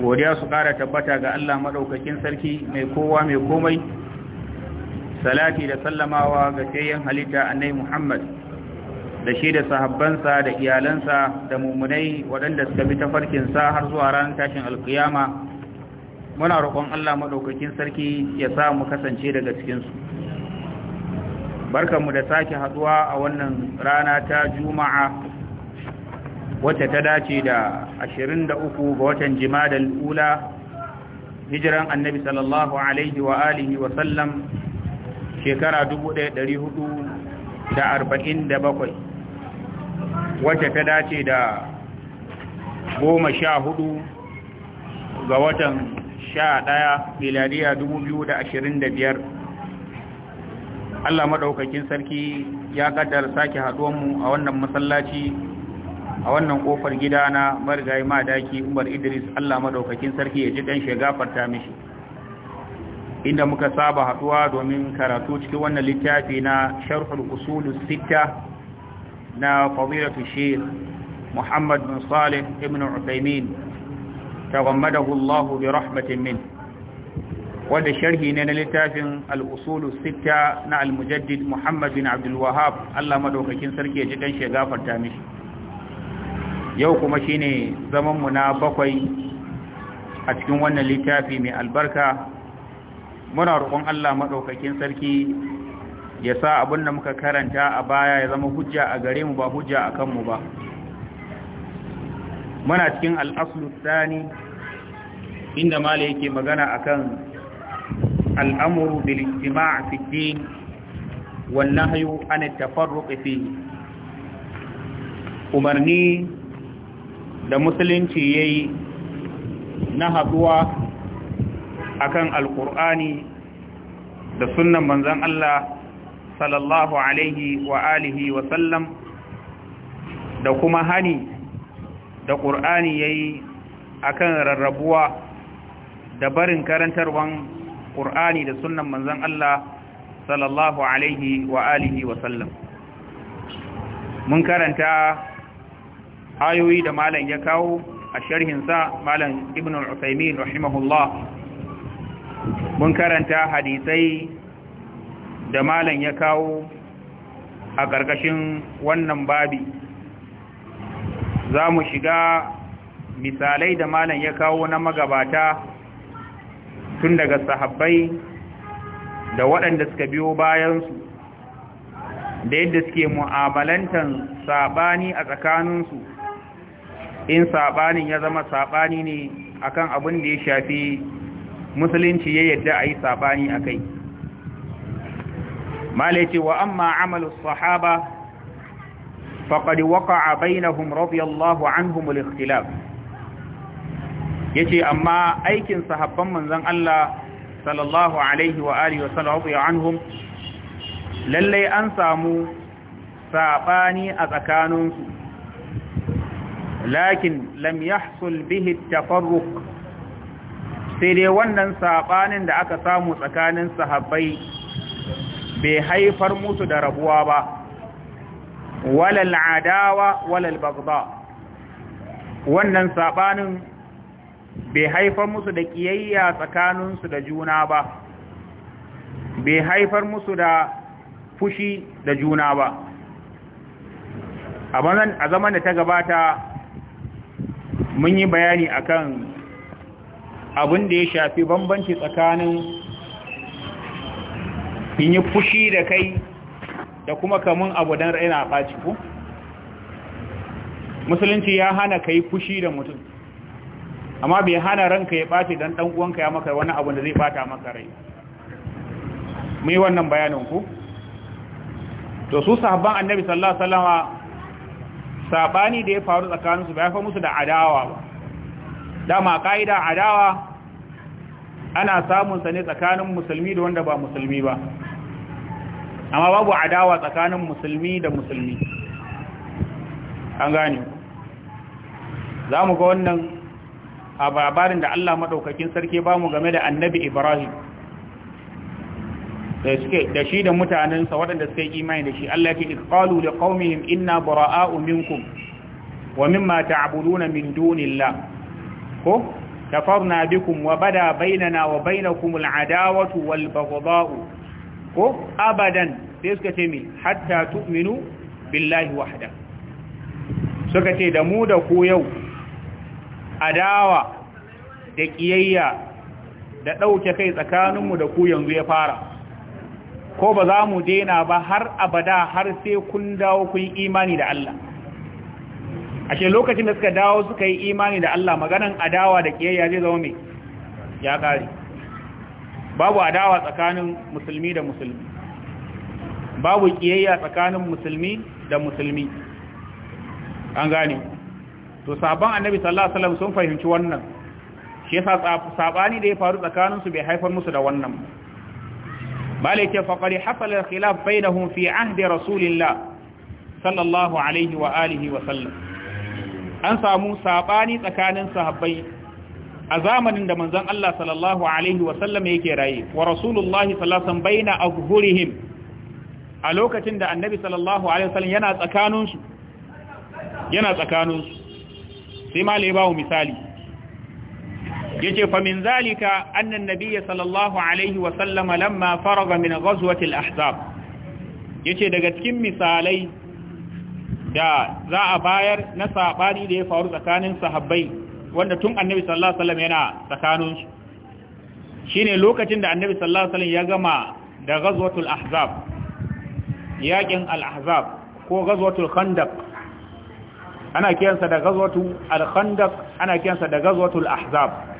godiya su ƙara tabbata ga Allah maɗaukakin sarki mai kowa mai komai salati da sallamawa ga sayan halitta nai Muhammad da shi da sahabbansa da iyalansa da mummunai waɗanda suka bi tafarkinsa har zuwa ranar tashin alkiyama muna roƙon Allah maɗaukakin sarki ya sa mu kasance daga cikinsu barkanmu da sake haɗuwa a wannan rana ta juma'a wacce ta dace da 23 ga watan jimadal ula hijiran annabi sallallahu alaihi wa alihi wa sallam shekara 1447 wacce ta dace da 14 ga watan 11 miladiya 2025 Allah madaukakin sarki ya kaddara sake haduwanmu a wannan masallaci a wannan kofar gida na marigayi daki umar idris allah madaukakin sarki ya ji ɗan shi gafarta mishi inda muka saba haɗuwa domin karatu cikin wannan littafi na sharhul usulus sita na fadilatu shekh muhammad bin salih ibn utaimin tagammadahu allah bi rahmatin min wadda sharhi ne na littafin al sita na al-mujaddid muhammad bin abdul allah madaukakin sarki ya ji ɗan shi gafarta mishi yau kuma shi ne zamanmu na bakwai a cikin wannan littafi mai albarka muna roƙon Allah maɗaukakin sarki ya sa abin da muka karanta a baya ya zama hujja a gare mu ba hujja a kanmu ba muna cikin al'aslu Sani inda mala yake magana akan al'amuru bil ijtima' fi din wan nahyu an at umarni da musulunci ya yi na haduwa a kan alƙur'ani da sunan manzan Allah sallallahu alaihi wa alihi wa sallam da kuma hani da ƙur'ani ya yi a kan rarrabuwa da barin karantarwan ƙur'ani da sunan manzan Allah sallallahu alaihi wa alihi wa sallam mun karanta ayoyi da malam ya kawo a sharhinsa malam ibn al-usaimin rahimahullah mun karanta hadisai da malam ya kawo a ƙarƙashin wannan babi za mu shiga misalai da malam ya kawo na magabata tun daga sahabbai da waɗanda suka biyo bayansu da yadda suke mu'amalantan saɓani a tsakaninsu in saɓanin ya zama saɓani ne akan abin da ya shafi musulunci ya yadda a yi saɓani a kai malaci wa amma amalu sahaba faƙad waka a bainahum radiyallahu anhum al-ikhtilaf ce amma aikin sahabban manzan Allah sallallahu alaihi wa alihi wa sallam anhum lallai an samu saɓani a tsakaninsu lakin lam yahsul bihi tafarruq sai dai wannan sabanin da aka samu tsakanin sahabbai bai haifar musu da rabuwa ba walal adawa walal bagda wannan sabanin bai haifar musu da kiyayya tsakaninsu da juna ba bai haifar musu da fushi da juna ba a zaman da ta gabata mun yi bayani akan abin da ya shafi bambanci tsakanin in yi fushi da kai da kuma kamun abu don raina a faci ku musulunci ya hana ka yi fushi da mutum amma bai hana ranka ya ɓace don ɗan'uwanka ya maka wani abu da zai ɓata maka rai mai wannan bayanin ku to su sahabban annabi sallallahu alaihi wasallama sabani da ya faru tsakaninsu ba ya fa musu da adawa ba dama ka'ida adawa ana samun sa ne tsakanin musulmi da wanda ba musulmi ba amma babu adawa tsakanin musulmi da musulmi an gane za mu ga wannan a babarin da Allah maɗaukakin sarki ba mu game da annabi Ibrahim da suke da shi da mutanensa waɗanda suka yi imani da shi Allah ke iqalu li qaumihim inna bara'a'u minkum wa mimma ta'buduna min dunillah ko kafarna bikum wa bada bainana wa bainakum al'adawatu wal baghdha'u ko abadan sai suka ce mi hatta tu'minu billahi wahda suka ce da mu da ku yau adawa da kiyayya da ɗauke kai tsakaninmu da ku yanzu ya fara ko ba za mu dena ba har abada har sai kun dawo kun imani da Allah ashe lokacin da suka dawo suka yi imani da Allah maganan adawa da kiyayya zai zama mai ya kare babu adawa tsakanin musulmi da musulmi babu kiyayya tsakanin musulmi da musulmi an gane to sabon annabi sallallahu alaihi wasallam sun fahimci wannan shi yasa sabani da ya faru tsakaninsu bai haifar musu da wannan malai ce faƙari hasalar khilaf bainahum fi ahdi rasulillah sallallahu alaihi wa alihi wa sallam an samu sabani tsakanin sahabbai a zamanin da manzon Allah sallallahu alaihi wa sallam yake raye wa rasulullah sallallahu alaihi baina azhurihim a lokacin da annabi sallallahu alaihi wa sallam yana tsakaninsu yana tsakaninsu sai malai ba misali yace fa min zalika anna an-nabiy sallallahu alaihi wa sallam lamma faraga min ghazwati al-ahzab yace daga cikin misalai da za a bayar na sabani da ya faru tsakanin sahabbai wanda tun annabi sallallahu alaihi wasallam yana tsakanin shi ne lokacin da annabi sallallahu alaihi wasallam ya gama da ghazwatul ahzab yaƙin al-ahzab ko ghazwatul khandaq ana kiyansa da ghazwatul khandaq ana kiyansa da ghazwatul ahzab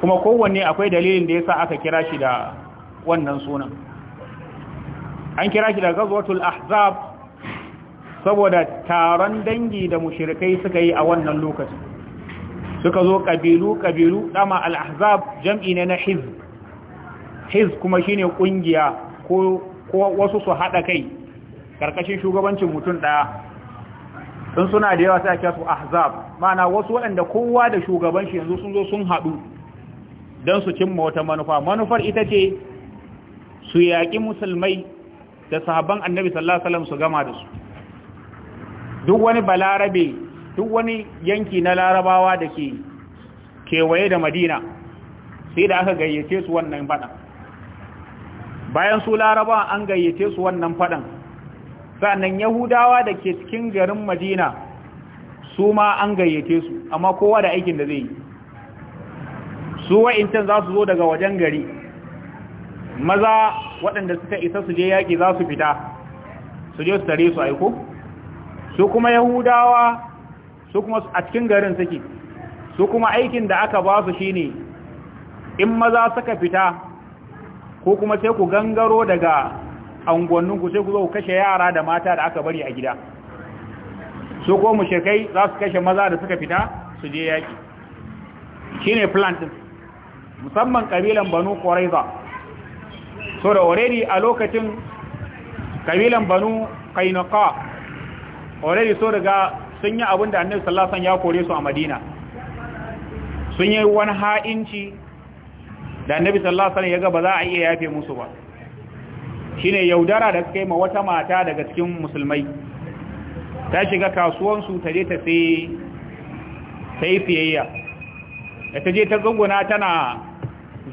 kuma kowanne akwai dalilin da ya sa aka kira shi da wannan sunan an kira shi da ghazwatul ahzab saboda taron dangi da mushrikai suka yi a wannan lokacin suka zo kabilu kabilu dama al ahzab jam'i ne na hizb hizb kuma shine kungiya ko ko wasu su haɗa kai karkashin shugabancin mutum ɗaya. sun suna da yawa sai a kira su ahzab ma'ana wasu waɗanda kowa da shugaban yanzu sun zo sun haɗu don su cimma wata manufa manufar ita ce su yaƙi musulmai da sahabban annabi sallallahu alaihi su gama da su duk wani balarabe duk wani yanki na larabawa da ke kewaye da madina sai da aka gayyace su wannan faɗan bayan su larabawa an gayyace su wannan faɗan sannan yahudawa da ke cikin garin madina su ma an gayyace su amma kowa da aikin da zai yi su wa'incan za su zo daga wajen gari maza waɗanda suka isa su je yaƙi za su fita su je su tare su aiko su kuma yahudawa su kuma a cikin garin suke su kuma aikin da aka ba su shine in maza suka fita ko kuma sai ku gangaro daga angonninku sai ku zo kashe yara da mata da aka bari a gida su ko mushrikai za su kashe maza da suka fita su je yaƙi shine ne din musamman kabilan banu quraiza so da already a lokacin kabilan banu kainaka already so daga sun yi abin da annabi Sallasan ya kore su a madina sun yi wani ha'inci da annabi Sallasan ya ga ba za a iya yafe musu ba Shi ne yaudara da suka yi ma wata mata daga cikin musulmai ta shiga kasuwansu ta je ta sai fiyayya da ta je ta zunguna tana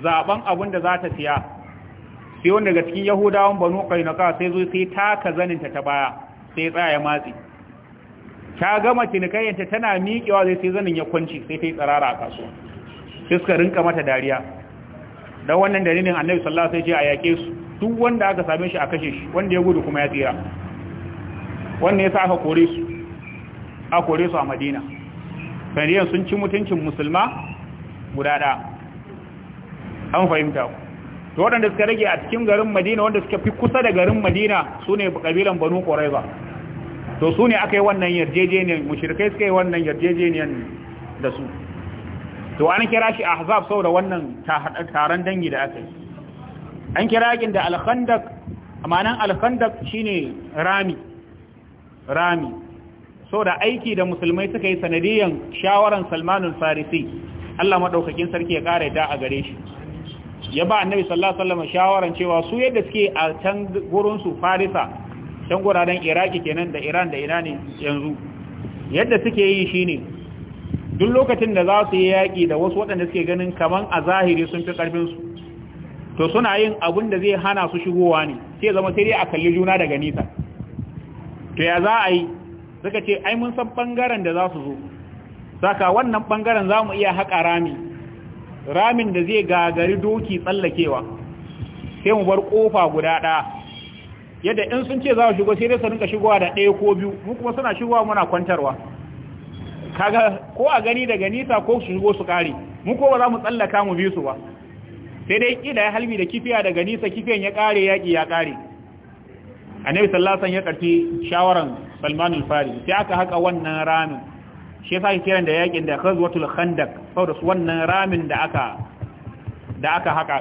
zaben abin da za ta siya sai wanda daga cikin yahudawan banu qainaka sai zo sai taka zaninta ta baya sai tsaya ya matsi ta gama cinikayyanta tana miƙewa zai sai zanin ya kwanci sai ta yi tsirara a kasuwa sai suka rinka mata dariya don wannan dalilin annabi sallallahu sai ce a yaƙe su duk wanda aka same shi a kashe shi wanda ya gudu kuma ya tsira wannan sa aka kore su a kore su a Madina sanadiyan sun ci mutuncin musulma guda ɗaya an fahimta ku to waɗanda suka rage a cikin garin madina wanda suka fi kusa da garin madina su ne ƙabilan banu ƙwaraiba to su ne aka yi wannan yarjejeniyar mushirkai suka yi wannan yarjejeniyar da su to an kira shi ahzab saboda wannan taron dangi da aka yi an kira yakin da alkhandak amanan alkhandak shine rami rami saboda aiki da musulmai suka yi sanadiyan shawaran salmanul farisi Allah madaukakin sarki ya kare da a gare shi ya ba annabi sallallahu alaihi wasallam shawaran cewa su yadda suke a can gurin su farisa can guraren iraki kenan da iran da ina ne yanzu yadda suke yi shine duk lokacin da za su yi yaki da wasu waɗanda suke ganin kaman a zahiri sun fi ƙarfinsu to suna yin abun da zai hana su shigowa ne sai zama sai dai a kalli juna daga nisa to ya za a yi suka ce ai mun san bangaren da za su zo saka wannan bangaren za mu iya haƙa rami ramin da zai gagari doki tsallakewa sai mu bar kofa guda ɗaya yadda in sun ce za su shigo sai dai su rinka shigowa da ɗaya ko biyu mu kuma suna shigowa muna kwantarwa kaga ko a gani daga nisa ko su shigo su kare mu ko ba za mu tsallaka mu bi su ba sai dai kila ya halbi da kifiya daga nisa kifiyan ya kare yaƙi ya kare annabi sallallahu alaihi wasallam ya karfi shawaran Salman al-Farisi sai aka haka wannan ramin shi yasa kiran da yakin da khazwatul khandaq saboda su wannan ramin da aka da aka haka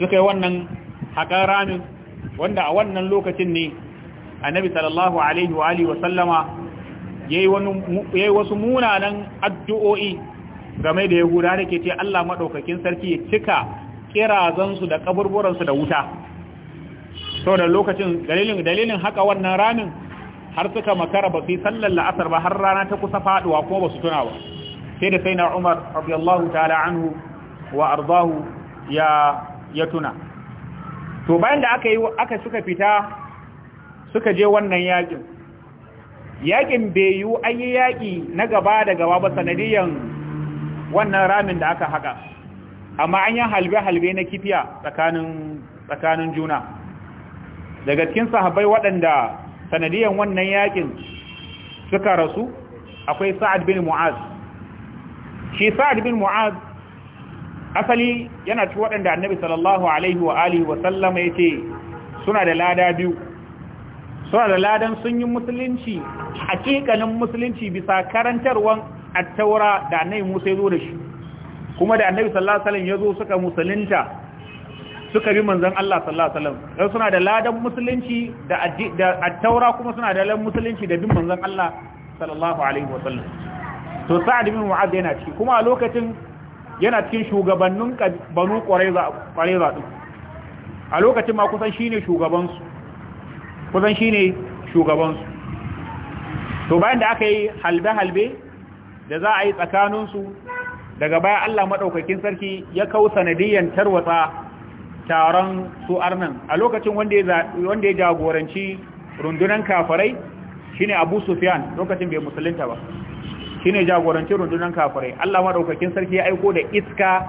suka yi wannan haka ramin wanda a wannan lokacin ne annabi sallallahu alaihi wa alihi wa sallama yayi wani yayi wasu munanan addu'o'i game da yahuda da ke ce Allah madaukakin sarki ya cika kirazansu da kaburburansu da wuta saboda lokacin dalilin dalilin haka wannan ramin har suka makara ba su yi sallar la'asar ba har rana ta kusa faduwa kuma ba su tuna ba sai da sai na umar radiyallahu ta'ala anhu wa arzahu ya tuna to bayan da aka yi aka suka fita suka je wannan yakin yakin bai yi an yi yaki na gaba da gaba ba sanadiyan wannan ramin da aka haka amma an yi halbe-halbe na kifiya tsakanin tsakanin juna daga cikin sahabbai waɗanda sanadiyan wannan yakin suka rasu akwai sa'ad bin mu'az shi sa'ad bin mu'az asali yana ci waɗanda annabi sallallahu alaihi wa alihi wa sallama yace suna da lada biyu suna da ladan sun yi musulunci hakikalin musulunci bisa karantarwan at-taura da annabi Musa ya da shi kuma da annabi sallallahu alaihi ya zo suka musulunta suka bi manzon Allah sallallahu alaihi wasallam dan suna da ladan musulunci da at-taura kuma suna da ladan musulunci da bin manzon Allah sallallahu alaihi wasallam to Sa'ad bin Mu'adh yana ciki kuma a lokacin yana cikin shugabannin Banu Qurayza Qurayza din a lokacin ma kusan shine shugaban su kusan shine shugaban su to bayan da aka yi halbe halbe da za a yi tsakanin su daga baya Allah madaukakin sarki ya kau sanadiyan tarwatsa taron su arnan a lokacin wanda ya jagoranci rundunan kafarai shine abu sufyan lokacin bai musulunta ba shine jagoranci rundunan kafarai allah maɗaukakin sarki ya aiko da iska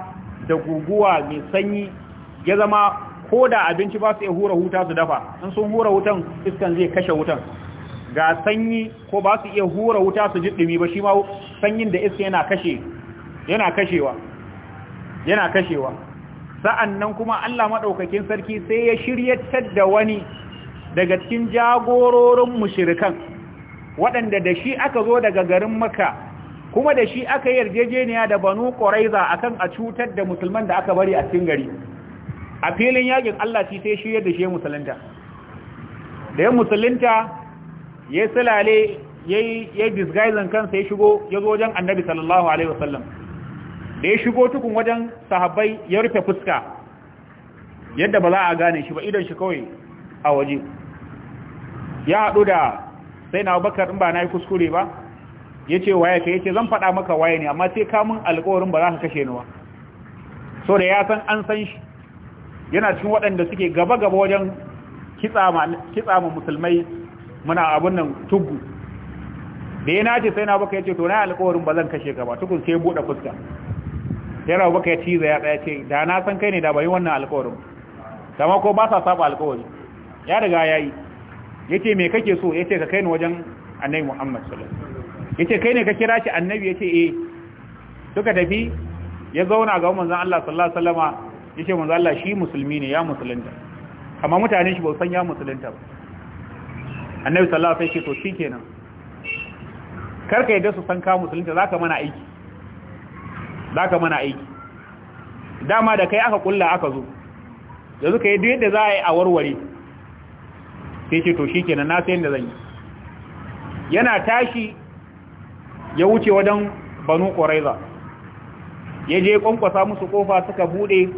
da guguwa mai sanyi ya zama ko da abinci ba su iya hura huta su dafa in sun hura wutan iskan zai kashe wutan ga sanyi ko ba su iya hura wuta su jiɗimi ba shi ma sanyin da iska yana kashewa sa'annan kuma Allah maɗaukakin sarki sai ya shiryatar da wani daga cikin jagororin mushirikan waɗanda da shi aka zo daga garin maka kuma da shi aka yi yarjejeniya da banu ƙoraiza akan a cutar da musulman da aka bari a cikin gari a filin yakin Allah ci sai shirya da shi musulunta da ya musulunta ya silale ya yi disguising kansa ya shigo ya zo wajen annabi sallallahu alaihi wasallam da ya shigo tukun wajen sahabbai ya rufe fuska yadda ba za a gane shi ba idan shi kawai a waje ya haɗu da sai na bakar in ba na yi kuskure ba ya ce waye ka ya ce zan faɗa maka waye ne amma sai kamun alkawarin ba za ka kashe ni ba so da ya san an san shi yana cikin waɗanda suke gaba-gaba wajen kitsa ma musulmai muna abin nan tugu da ya nace sai na baka ya ce to na alkawarin ba zan kashe ka ba tukun sai buɗe fuska sai rabu baka ya ciza ya tsaya ce da na san kai ne da bai wannan alƙawarin kamar ko ba sa saba alƙawari ya riga ya yi ya ce me kake so ya ce ka kai ni wajen annabi muhammad sallallahu ya ce kai ne ka kira shi annabi ya ce eh suka tafi ya zauna ga manzon Allah sallallahu alaihi wasallama ya ce manzon Allah shi musulmi ne ya musulunta amma mutane shi ba san ya musulunta ba annabi sallallahu alaihi wasallam ya ce to shikenan karka yadda su san ka musulunta zaka mana aiki za ka mana aiki dama da kai aka kulla aka zo yanzu ka yi duk yadda za a yi a warware sai ce to shi ke na sayan da zan yi yana tashi ya wuce wajen banu ƙwaraiza ya je ƙwanƙwasa musu ƙofa suka buɗe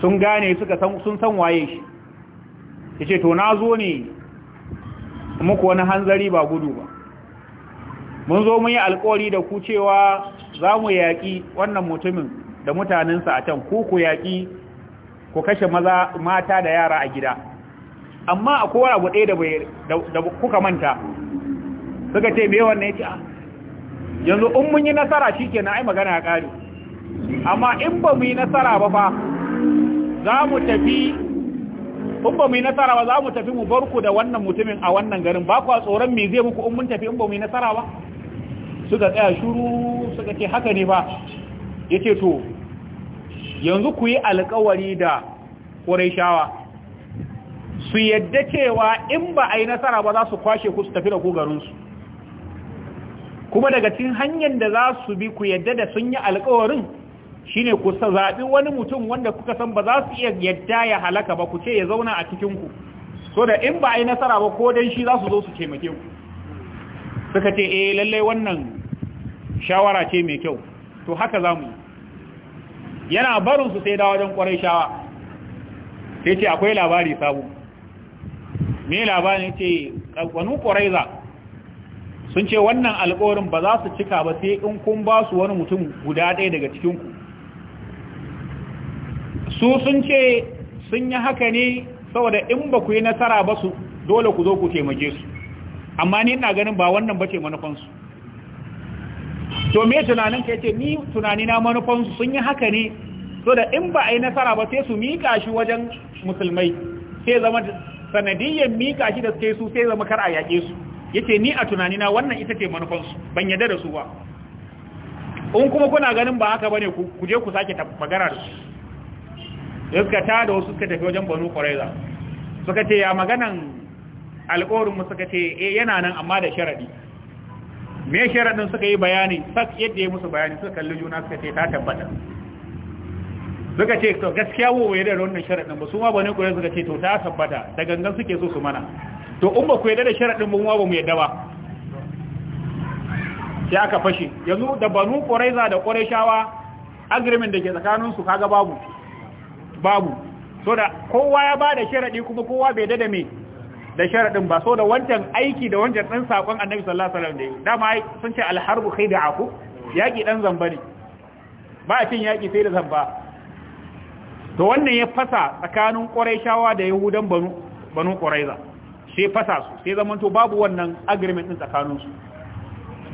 sun gane sun san waye shi ya ce to na zo ne muku wani hanzari ba gudu ba mun zo mun yi alkawari da ku cewa za mu yaƙi wannan mutumin da mutanensa a can ko ku yaƙi ku kashe maza mata da yara a gida amma a kowa abu ɗaya da kuka manta suka ce me wannan ya ce ah, yanzu in mun yi nasara shi ke na ai magana ya ƙari amma in ba mu yi nasara ba fa za mu tafi in ba mu yi nasara ba za mu tafi mu barku da wannan mutumin a wannan garin ba kuwa tsoron me zai muku in mun tafi in ba mu yi nasara ba suka tsaya shuru suka ce haka ne ba ya ce to yanzu ku yi alkawari da shawa su yadda cewa in ba a yi nasara ba za su kwashe ku su tafi da ku garinsu kuma daga cikin hanyar da za su bi ku yadda da sun yi alkawarin shine ku zaɓi wani mutum wanda kuka san ba za su iya yadda ya halaka ba ku ce ya zauna a cikinku so da in ba a yi nasara ba ko don shi za su zo su taimake ku suka ce eh lallai wannan shawara ce mai kyau to haka za mu yi yana barinsu sai da wajen kwarai shawa sai ce akwai labari sabu me labarin ce kalkwanu kwarai za sun ce wannan alkawarin ba za su cika ba sai in kun ba su wani mutum guda ɗaya daga cikinku su sun ce sun yi haka ne saboda in ba ku yi nasara ba su dole ku zo ku taimake su amma ni ina ganin ba wannan ba ce manufansu to me tunanin ka yace ni tunani na manufan sun yi haka ne so da in ba a yi nasara ba sai su mika shi wajen musulmai sai zama sanadiyyan mika shi da suke su sai zama kar a su yace ni a tunani na wannan ita ce manufan su ban yarda da su ba in kuma kuna ganin ba haka bane ku je ku sake magana da su suka ta da wasu suka tafi wajen banu Quraiza suka ce ya maganan alƙawarin mu suka ce eh yana nan amma da sharadi me sharadin suka yi bayani sak yadda ya musu bayani suka kalli juna suka ce ta tabbata suka ce to gaskiya wo ya da wannan sharadin ba su ma bane kure suka ce to ta tabbata da gangan suke so su mana to in ba ku yadda da sharadin ba mu ba mu yadda ba sai aka fashe yanzu da banu quraiza da quraishawa agreement da ke tsakanin su kaga babu babu so da kowa ya bada sharadi kuma kowa bai dada me da sharadin ba so da wancan aiki da wancan dan sakon annabi sallallahu alaihi wasallam da yi dama sun ce alharbu khida'u yaki dan zamba ne ba a cin yaki sai da zamba to wannan ya fasa tsakanin quraishawa da yahudan banu banu quraiza sai fasa su sai zaman to babu wannan agreement din tsakanin su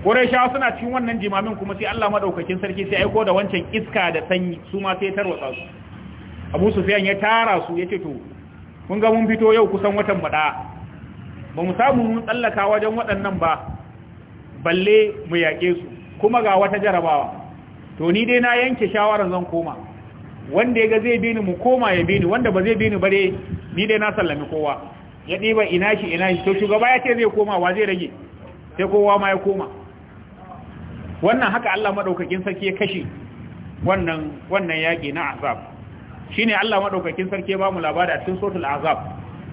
quraishawa suna cikin wannan jimamin kuma sai Allah madaukakin sarki sai aiko da wancan iska da sanyi su ma sai tarwatsa su Abu Sufyan ya tara su yace to mun ga mun fito yau kusan watan baɗa ba mu samu mun tsallaka wajen waɗannan ba balle mu yaƙe su kuma ga wata jarabawa to ni dai na yanke shawarar zan koma wanda ya ga zai bi ni mu koma ya bi ni wanda ba zai bi ni bare ni dai na sallami kowa ya ɗiba ina shi ina shi to shugaba ya ce zai koma wa zai rage sai kowa ma ya koma wannan haka Allah madaukakin sarki ya kashe wannan wannan yaƙi na azab shine Allah madaukakin sarki ba mu labari a cikin suratul azab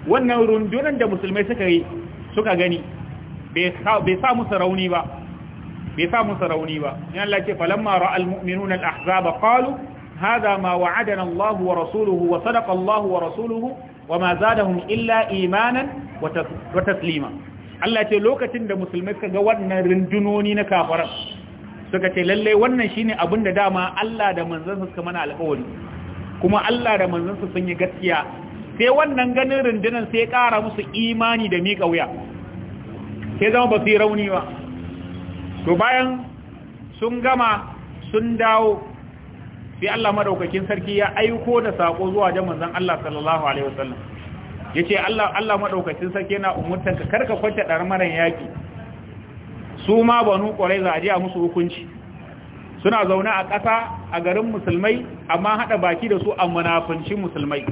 wannan rundunar da musulmai suka yi suka gani bai sa musu rauni ba bai sa musu rauni ba in Allah ce falamma ra'al mu'minuna al-ahzaba qalu hadha ma wa'adana Allah wa rasuluhu wa sadaqa Allah wa rasuluhu wa ma zadahum illa imanan wa taslima Allah ce lokacin da musulmai suka ga wannan rundunoni na kafaran suka ce lalle wannan shine abin da dama Allah da manzon suka mana alƙawari kuma Allah da manzansa sun yi gaskiya sai wannan ganin rundunar sai kara musu imani da miƙa wuya sai zama ba su yi rauni ba to bayan sun gama sun dawo sai Allah madaukakin sarki ya aiko da sako zuwa jan manzon Allah sallallahu alaihi wasallam yace Allah Allah madaukakin sarki yana umurtanka karka kwanta dar maran yaki su ma banu quraiza aje a musu hukunci suna zaune a ƙasa a garin musulmai amma haɗa baki da su a munafunci musulmai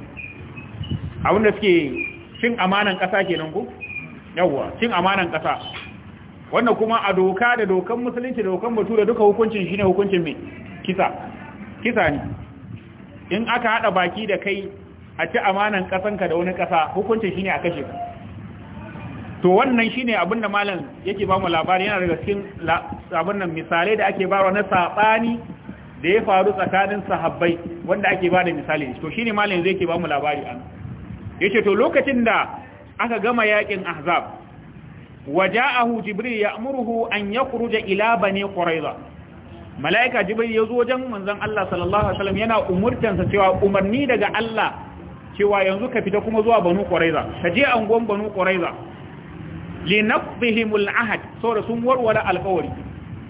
abinda suke cin amanan ƙasa kenan ku yawwa cin amanan ƙasa wannan kuma a doka da dokan musulunci da dokan da duka hukuncin shine hukuncin mai kisa kisa ne in aka haɗa baki da kai a ci amanan ƙasanka da wani ƙasa hukuncin shine a kashe ka to wannan shine abin da malam yake ba mu labari yana daga cikin abin nan misalai da ake bawa na sabani da ya faru tsakanin sahabbai wanda ake ba da misali to shine malam zai ke ba mu labari an yace to lokacin da aka gama yakin ahzab waja'ahu jibril ya'muruhu an yakhruja ila bani quraiza malaika jibril yazo wajen manzon Allah sallallahu alaihi wasallam yana umurtansa cewa umarni daga Allah cewa yanzu ka fita kuma zuwa banu quraiza ka je angon banu quraiza linaqdihimul ahad saboda sun warware alƙawari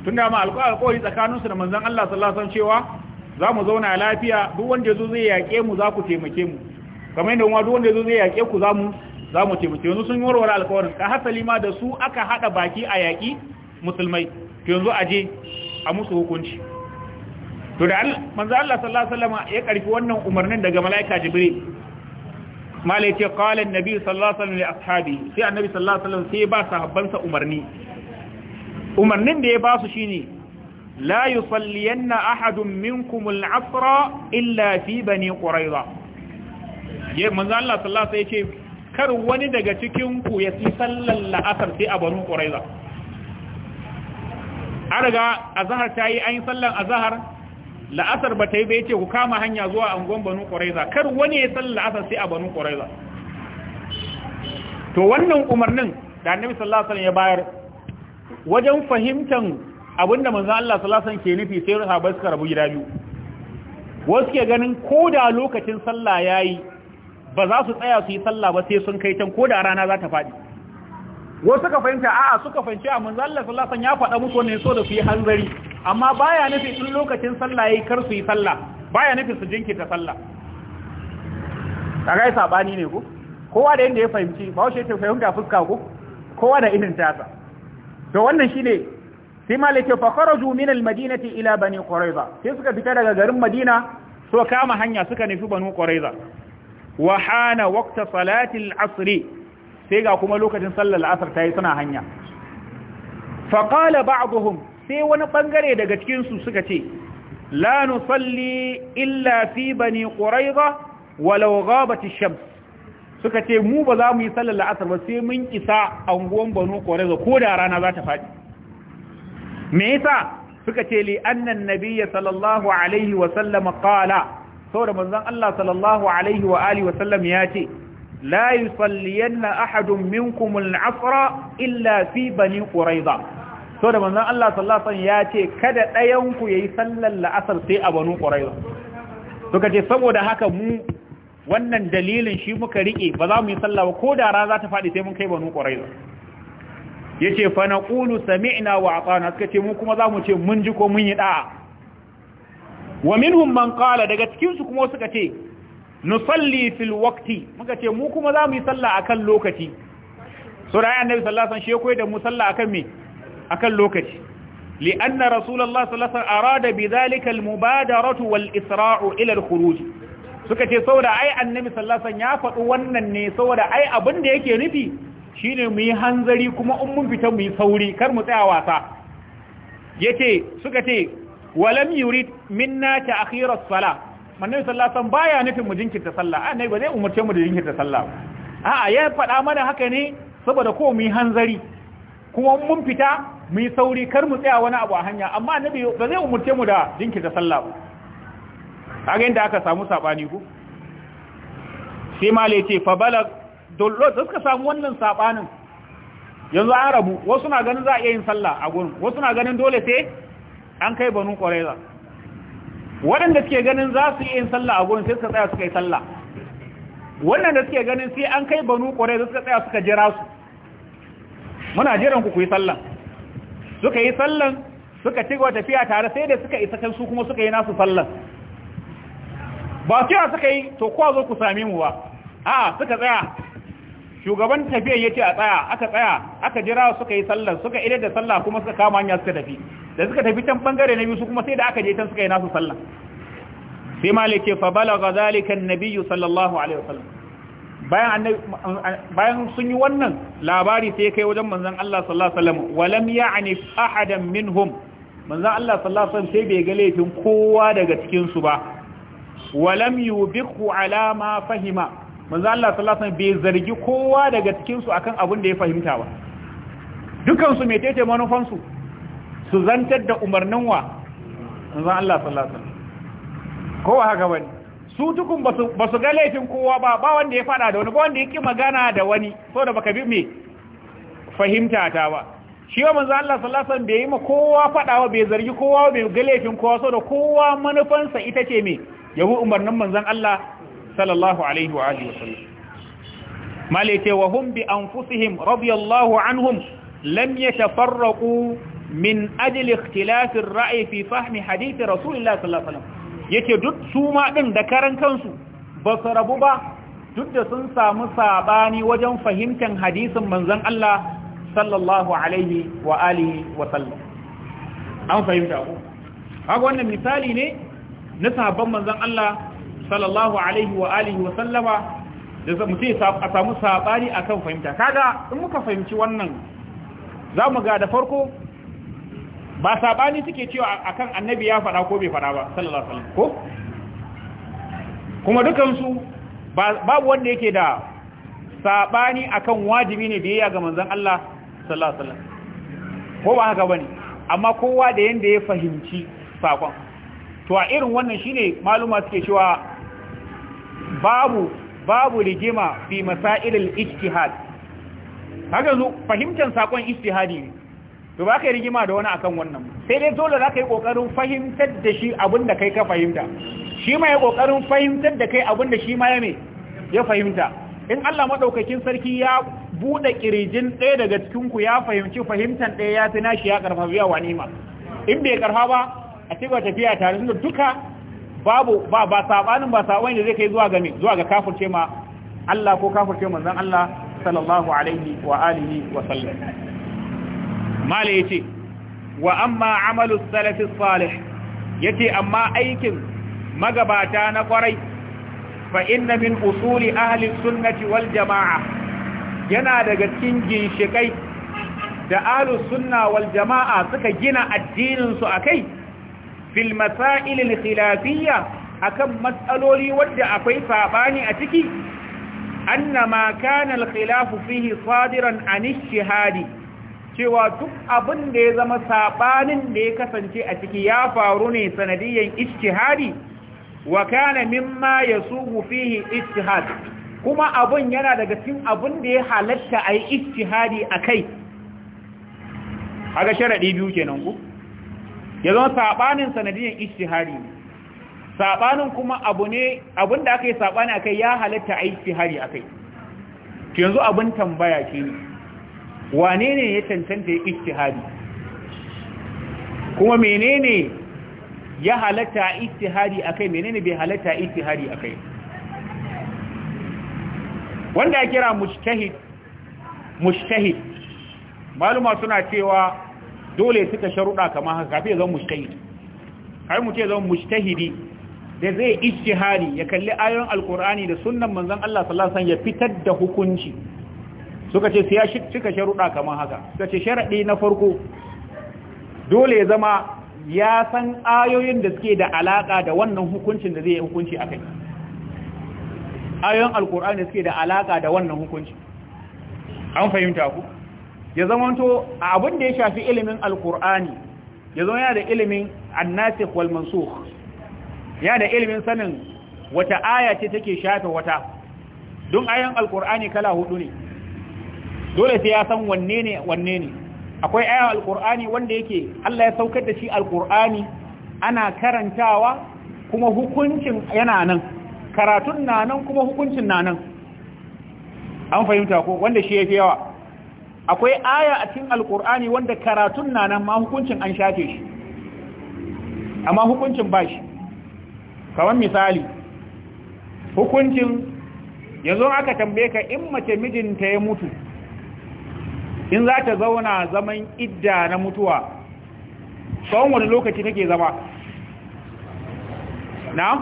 tunda ma alƙawari tsakanin su da manzon Allah sallallahu alaihi wasallam cewa za mu zauna lafiya duk wanda yazo zai yake mu za ku taimake mu kamar yadda duk wanda yazo zai yake ku za mu za mu taimake yanzu sun warware alƙawarin ka hasali ma da su aka hada baki a yaƙi musulmai to yanzu aje a musu hukunci to da manzon Allah sallallahu alaihi wasallam ya karfi wannan umarnin daga malaika jibril mala ya ce ƙwalin sallallahu alaihi da li ashabi sai a sallallahu alaihi wasallam sai ba sahabbansa umarni umarnin da ya ba su shine la yusalliyanna ahadun minkum al-asra illa fi bani quraiza ya manzo Allah sallallahu alaihi wasallam kar wani daga cikinku ya fi sallar la'asar sai a bani quraiza an riga azhar tayi an yi sallar azhar la'asar ba ta yi bai ce ku kama hanya zuwa angon banu ƙwaraiza kar wani ya san la'asar sai a banu ƙwaraiza to wannan umarnin da annabi sallallahu alaihi ya bayar wajen fahimtan abinda manzon Allah sallallahu alaihi ke nufi sai sahabbai suka rabu gida biyu wasu ke ganin ko da lokacin sallah yayi ba za su tsaya su yi sallah ba sai sun kai can ko da rana za ta faɗi wa suka fahimta a'a suka fahimci a manzo Allah sallallahu alaihi wasallam ya faɗa musu ne so da su yi hanzari amma baya nufi in lokacin sallah yayi kar su yi sallah baya nufi su jinkirta sallah kaga sabani ne ko kowa da yanda ya fahimci ba wace ta fahimta fuska ko kowa da irin tasa to wannan shine sai malik ya fakharaju min almadinati ila bani quraiza sai suka fita daga garin madina so kama hanya suka nufi bani quraiza wa hana waqta salati al-asr sai ga kuma lokacin sallar la'asar ta yi suna hanya faƙala ba'abuhum sai wani ɓangare daga cikinsu suka ce la nusalli illa fi bani ƙuraiba walau gabati shams suka ce mu ba za mu yi sallar la'asar ba sai mun isa anguwan banu ƙuraiba ko da rana za ta faɗi me yasa suka ce li annan nabiyya sallallahu alaihi wa sallam qala saboda manzon Allah sallallahu alaihi wa alihi wa sallam ya ce لا يصلين أحد منكم العصر إلا في بني قريظة so da manzon Allah sallallahu ya ce kada ɗayan ku yayi sallar la'asar sai a banu quraiza to kace saboda haka mu wannan dalilin shi muka riƙe ba za mu yi sallah ba ko da ra za ta fadi sai mun kai banu quraiza yace fa naqulu sami'na wa atana suka ce mu kuma za mu ce mun ji ko mun yi da'a wa minhum man qala daga cikinsu su kuma suka ce nusalli fil waqti muka ce mu kuma za mu yi sallah akan lokaci sura annabi sallallahu alaihi wasallam shi da mu sallah akan me akan lokaci li anna rasulullahi sallallahu alaihi wasallam arada bidhalika al mubadaratu wal isra'u ila al khuruj suka ce saboda ai annabi sallallahu alaihi wasallam ya faɗi wannan ne saboda ai abin da yake nufi shine mu yi hanzari kuma in mun fita mu yi sauri kar mu tsaya wasa yace suka ce walam yurid minna ta'khir as-salah Mannan sallallahu baya nufin mu jinkirta sallah a ne ba zai umarce mu da jinkirta sallah a'a ya faɗa mana haka ne saboda ko mu yi hanzari kuma mun fita mu yi sauri kar mu tsaya wani abu a hanya amma annabi ba zai umarce mu da jinkirta sallah ba inda aka samu sabani ko sai male ce fa balag dollo suka samu wannan sabanin yanzu an rabu wasu na ganin za a iya yin sallah a gurin wasu na ganin dole sai an kai banu qurayza waɗanda suke ganin za su yi sallah a gurin sai suka tsaya suka yi sallah waɗanda suke ganin sai an kai banu ƙwarai da suka tsaya suka jira su muna jiran ku ku yi sallah suka yi sallah suka ci gaba tafiya tare sai da suka isa kan su kuma suka yi nasu sallah ba cewa suka yi to kowa zo ku same mu ba a suka tsaya shugaban tafiya ya ce a tsaya aka tsaya aka jira suka yi sallar suka idar da sallah kuma suka kama hanya suka tafi da suka tafi can bangare na biyu su kuma sai da aka je can suka yi nasu sallah sai malik fa balagha zalika annabiyyu sallallahu alaihi wasallam bayan annabi bayan sun yi wannan labari sai kai wajen manzon Allah sallallahu alaihi wasallam wa lam ya'ni ahadan minhum manzon Allah sallallahu alaihi wasallam sai bai ga laifin kowa daga cikin su ba wa lam yubiqu ala ma fahima manzo Allah sallallahu alaihi wasallam bai zargi kowa daga cikin su akan abin da ya fahimta ba dukan su metete manufan su su zantar da umarnin wa manzo Allah sallallahu alaihi wasallam kowa haka bane su dukun ba su ga laifin kowa ba ba wanda ya fada da wani ba wanda ya ki magana da wani so da baka bi me fahimta ta ba shi wa manzo Allah sallallahu alaihi wasallam bai yi ma kowa fadawa bai zargi kowa bai ga laifin kowa so da kowa manufansa ita ce me yabo umarnin manzon Allah sallallahu alaihi wa alihi wasallam malaike wa hum bi anfusihim radiyallahu anhum lam yatafarraqu min ajli ikhtilaf ar-ra'i fi fahmi hadith rasulillah sallallahu alaihi wasallam yace duk suma ma din da karan kansu ba su rabu ba duk da sun samu sabani wajen fahimtar hadisin manzon Allah sallallahu alaihi wa alihi wa sallam an fahimta ku haka wannan misali ne na sabon manzon Allah sallallahu alaihi wa alihi wa sallama da ce a samu sabani akan fahimta kaga in muka fahimci wannan za mu ga da farko ba sabani suke cewa akan annabi ya faɗa ko bai faɗa ba sallallahu alaihi sallam, ko kuma dukansu babu wanda yake da sabani akan wajibi ne biyayya ga manzon Allah sallallahu alaihi wasallam ko ba haka bane amma kowa da yanda ya fahimci sakon to a irin wannan shine maluma suke cewa babu babu rigima fi masailil ijtihad haka zo fahimtar sakon ijtihadi ne to ba ka rigima da wani akan wannan sai dai dole za ka yi kokarin fahimtar da shi abinda da kai ka fahimta shi ma ya kokarin fahimtar da kai abinda da shi ma ya me ya fahimta in Allah madaukakin sarki ya bude kirjin ɗaya daga cikin ku ya fahimci fahimtar ɗaya ya tana shi ya karfa biya wa ma in bai karfa ba a cigaba tafiya tare da duka babu ba ba sabanin ba sabani da zai kai zuwa ga me zuwa ga kafirce ma Allah ko kafirce manzon Allah sallallahu alaihi wa alihi wa sallam mala yace wa amma amalu salaf salih yace amma aikin magabata na kwarai fa inna min usuli ahli sunnati wal jamaa yana daga cikin ginshikai da ahli sunna wal jamaa suka gina addinin su akai fil masail al khilafiyya akan matsaloli wanda akwai sabani a ciki anna ma kana al khilaf fihi sadiran an cewa duk abin da ya zama sabanin da ya kasance a ciki ya faru ne sanadiyan ijtihadi wa kana mimma yasubu fihi ijtihad kuma abun yana daga cikin abun da ya halatta ayi ijtihadi akai kaga sharadi biyu kenan ku ya zama saɓanin sanadiyar ishihari ne saɓanin kuma abu ne abin da aka yi saɓani a kai ya halatta a ishihari a kai yanzu abin tambaya ke ne wane ne ya cancanta ya ishihari kuma menene ya halatta a ishihari a kai menene bai halatta a ishihari a kai wanda ya kira mushtahid mushtahid maluma suna cewa dole suka sharuɗa kamar haka kafin ya zama kai mu ce zan mushtahidi da zai ijtihadi ya kalli ayoyin alkur'ani da sunnan manzon Allah sallallahu alaihi wasallam ya fitar da hukunci suka ce sai ya cika sharuɗa kamar haka suka ce sharaɗi na farko dole ya zama ya san ayoyin da suke da alaka da wannan hukuncin da zai hukunci akai ayoyin alkur'ani da suke da alaka da wannan hukunci an fahimta ku ya zamanto a abin da ya shafi ilimin alkur'ani ya zama yana da ilimin annasikh wal mansukh yana da ilimin sanin wata aya ce take shafe wata don ayan alkur'ani kala hudu ne dole sai ya san wanne ne wanne ne akwai ayan alkur'ani wanda yake Allah ya saukar da shi alkur'ani ana karantawa kuma hukuncin yana nan karatun na nan kuma hukuncin na nan an fahimta ko wanda shi yafi yawa akwai aya a cikin alkur'ani wanda karatun na nan ma hukuncin an shafe shi amma hukuncin ba shi kamar misali hukuncin yanzu aka tambaye ka in mace mijinta ya mutu in za ta zauna zaman idda na mutuwa tsawon wani lokaci take zama na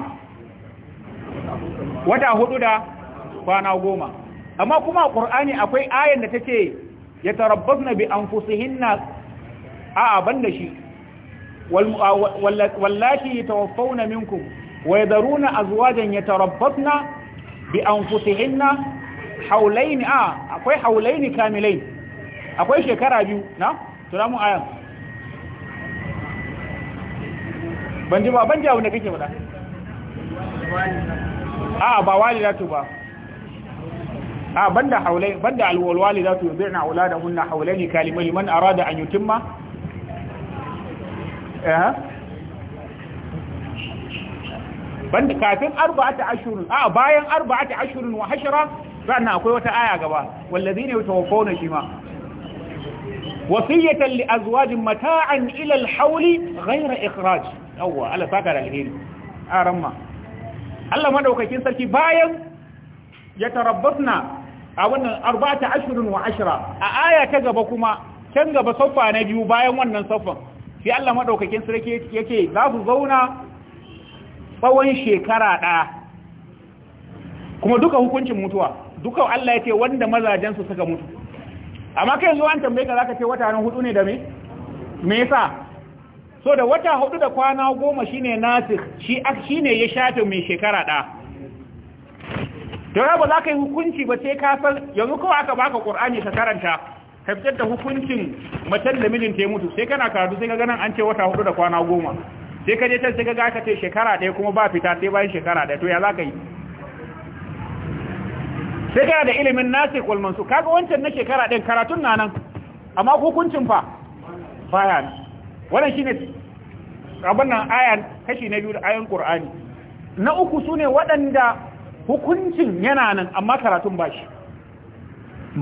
wata hudu da kwana goma amma kuma ƙur'ani akwai ayan da ta ce ya na bi an fusihin anfusihinna a ban da shi wallati yatawaffawna minkum wa ya azwajan na bi an anfusihinna haulaini a akwai haulaini kamilai. akwai shekara biyu na tura mu ayan ban ji ba ban ji da kake faɗa a ba walidatu ba a banda haulai banda alwalwali za su yi zirna auladahunna haulaini kalimai liman arada an yutimma eh banda kafin arba'ata ashhurun a bayan arba'ata ashhurun wa hashra sannan akwai wata aya gaba wallazina yatawaffawna shima wasiyatan li azwajin mata'an ila al-hawli ghayra ikhraj awwa ala saka alheri aramma Allah madaukakin sarki bayan yatarabbasna a wannan arba'ata ashirin wa ashira a aya ta gaba kuma can gaba saffa na biyu bayan wannan saffan sai Allah madaukakin sarki yake za su zauna tsawon shekara ɗaya kuma duka hukuncin mutuwa duka Allah ya ce wanda mazajen su suka mutu amma kai zuwa an tambaye ka zaka ce wata hudu ne da me me yasa so da wata hudu da kwana goma shine nasir shi shine ya shafe mai shekara ɗaya don ba za ka yi hukunci ba sai ka san yanzu kawai aka baka qur'ani ka karanta ka fitar da hukuncin macen da mijin ta mutu sai kana karatu sai ka ganin an ce wata hudu da kwana goma sai ka je can sai ka ga ka ce shekara ɗaya kuma ba fita sai bayan shekara ɗaya to ya za ka yi sai kana da ilimin nasikh wal mansukh kaga wancan na shekara ɗin karatun na nan amma hukuncin fa baya nan wannan shine abin nan ayan kashi na biyu da ayan qur'ani na uku sune waɗanda hukuncin yana nan amma karatun ba shi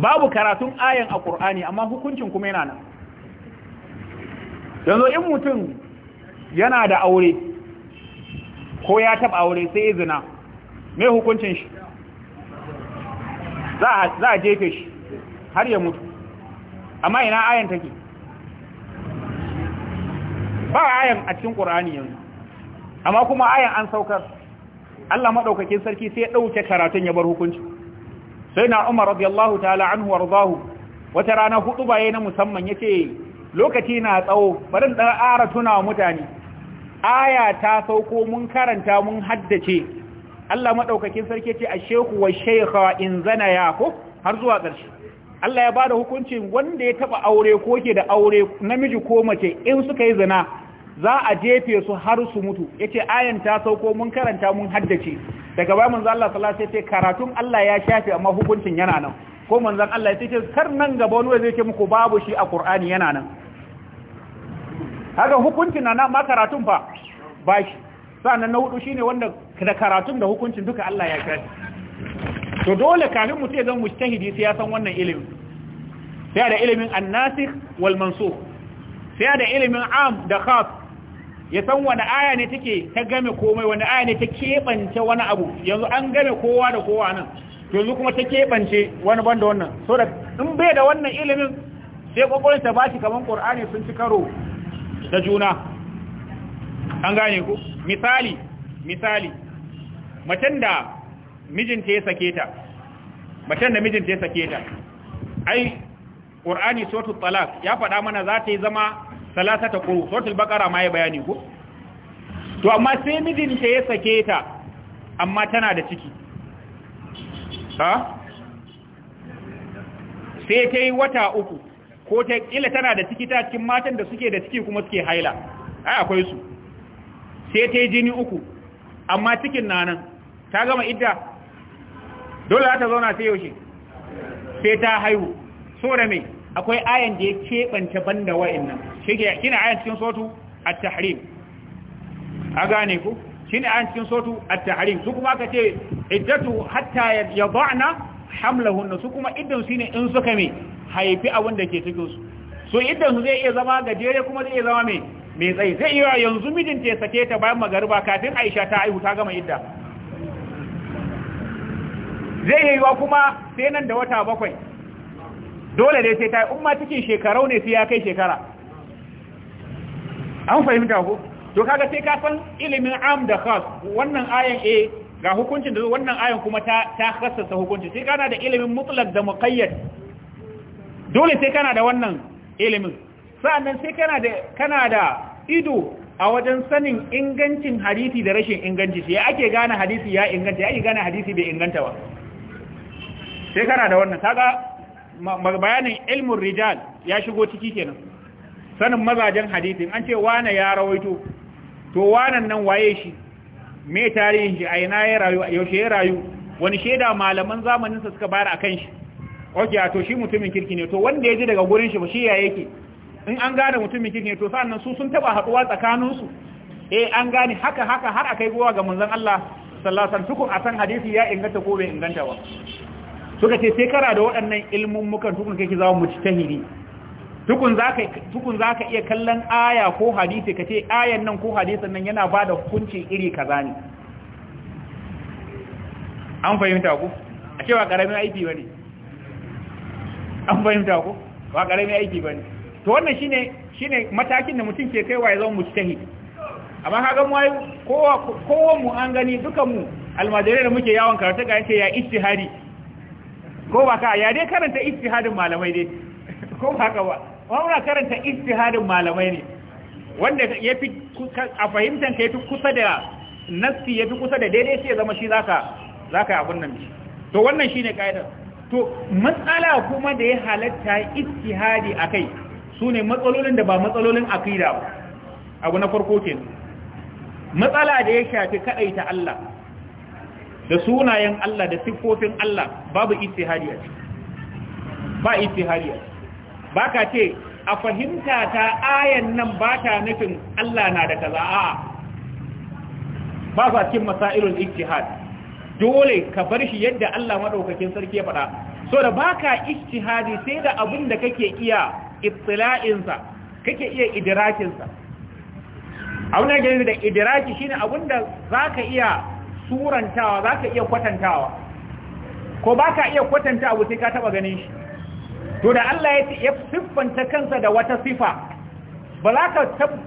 babu karatun ayan a ƙur'ani amma hukuncin kuma yana nan yanzu in mutum yana da aure ko ya taɓa aure sai izina, zina mai hukuncin shi za a jefe shi har ya mutu amma ina ayan take ba ayan a cikin ƙur'ani yanzu amma kuma ayan an saukar Allah madaukakin sarki sai ya dauke karatun ya bar hukunci sai na Umar radiyallahu ta'ala anhu warzahu wata rana hudu baye na musamman yace lokaci na tsawo barin ɗan ara tuna mutane aya ta sauko mun karanta mun haddace Allah madaukakin sarki yace ashehu wa shaykha in zana ya ko har zuwa ƙarshe Allah ya bada hukuncin wanda ya taba aure ko ke da aure namiji ko mace in suka yi zina za a jefe su har su mutu yace ayan ta sauko mun karanta mun haddace daga bayan manzo Allah sallallahu alaihi wasallam karatun Allah ya shafe amma hukuncin yana nan ko manzon Allah ya ce kar nan gaba wani zai ce muku babu shi a Qur'ani yana nan haka hukuncin na nan ma karatun fa ba shi sannan na hudu shine wanda da karatun da hukuncin duka Allah ya shafi to dole kafin mu ya zama mujtahidi sai ya san wannan ilimin sai da ilimin annasikh wal mansukh sai da ilimin am da khas ya san wani aya ne take ta game komai wani aya ne ta keɓance wani abu yanzu an game kowa da kowa nan yanzu kuma ta keɓance wani banda wannan so da in bai da wannan ilimin sai kokarin ta bashi kaman qur'ani sun ci karo da juna an gane ku misali misali macen da mijinta ya sake ta macen da mijinta ya sake ta ai qur'ani suratul talaq ya faɗa mana za ta yi zama salasata quru suratul bakara ma ya bayani ko to amma sai mijinta ya sake ta amma tana da ciki ha sai ta yi wata uku ko ta kila tana da ciki ta cikin matan da suke da ciki kuma suke haila ai akwai su sai ta yi jini uku amma cikin na nan ta gama idda dole za ta zauna sai yaushe sai ta haihu so da mai akwai ayan da ya keɓance banda wa'in nan Kina ayan cikin sotu at-tahrim a gane ku cikin su kuma aka ce iddatu hatta hamlahunna su kuma iddan shine in suka me haifi abin da ke cikin su so iddan su zai iya zama gajere kuma zai iya zama me me tsayi zai iya yanzu mijin ta sake ta bayan magariba kafin Aisha ta aihu ta gama idda zai yi wa kuma sai nan da wata bakwai dole ne sai ta umma cikin shekarau ne sai ya kai shekara an fahimta ko to kaga sai ka san ilimin am da khas wannan ayan eh ga hukuncin da wannan ayan kuma ta ta khassasa hukunci sai kana da ilimin mutlaq da muqayyad dole sai kana da wannan ilimin sa'annan sai kana da kana da ido a wajen sanin ingancin hadisi da rashin inganci sai ake gane hadisi ya inganta ya ake gane hadisi bai inganta ba sai kana da wannan kaga bayanin ilmun rijal ya shigo ciki kenan sanin mazajen hadisi, an ce wane ya rawaito to wanan nan waye shi me tarihin shi a ina ya rayu yaushe ya rayu wani sheda malaman zamanin sa suka bayar akan shi oke a to shi mutumin kirki ne to wanda ya ji daga gurin shi ba shi ya yake in an gane mutumin kirki ne to sannan su sun taba haduwa tsakanin su eh an gane haka haka har akai gowa ga manzon Allah sallallahu alaihi wasallam tukun san hadisi ya inganta ko bai inganta ba suka ce sai kara da waɗannan ilmummukan tukun kake zama mujtahidi tukun za ka iya kallon aya ko hadisi ka ce ayan nan ko hadisin nan yana ba da hukunci iri kaza ne an fahimta ku a ce ba ƙaramin aiki ba ne an fahimta ku ba ƙaramin aiki ba ne to wannan shine shine matakin da mutum ke kaiwa ya zama mujtahid amma kaga mu ai kowa kowa mu an gani dukan mu almajirai da muke yawon karatu ga yace ya ijtihadi ko ba ka ya dai karanta ijtihadin malamai dai ko ba ka ba muna karanta istihadin malamai ne wanda ya fi a fahimtar ka ya fi kusa da nassi ya fi kusa da daidai shi ya zama shi zaka zaka abin nan to wannan shine kaidar to matsala kuma da ya halatta istihadi akai sune matsalolin da ba matsalolin akida ba abu na farko kenan matsala da ya shafi kadaita Allah da sunayen Allah da siffofin Allah babu istihadi a ba istihadi a ba ka ce a fahimta ta ayan nan ba ta nufin Allah na da kaza a ba sa masailul ijtihad dole ka bar shi yadda Allah madaukakin sarki ya faɗa so da baka ijtihadi sai da abin da kake iya ittila'in sa kake iya idrakin sa abuna gani da idraki shine abin da zaka iya surantawa zaka iya kwatantawa ko baka iya kwatanta abu sai ka taba ganin shi to da Allah ya siffanta kansa da wata sifa ba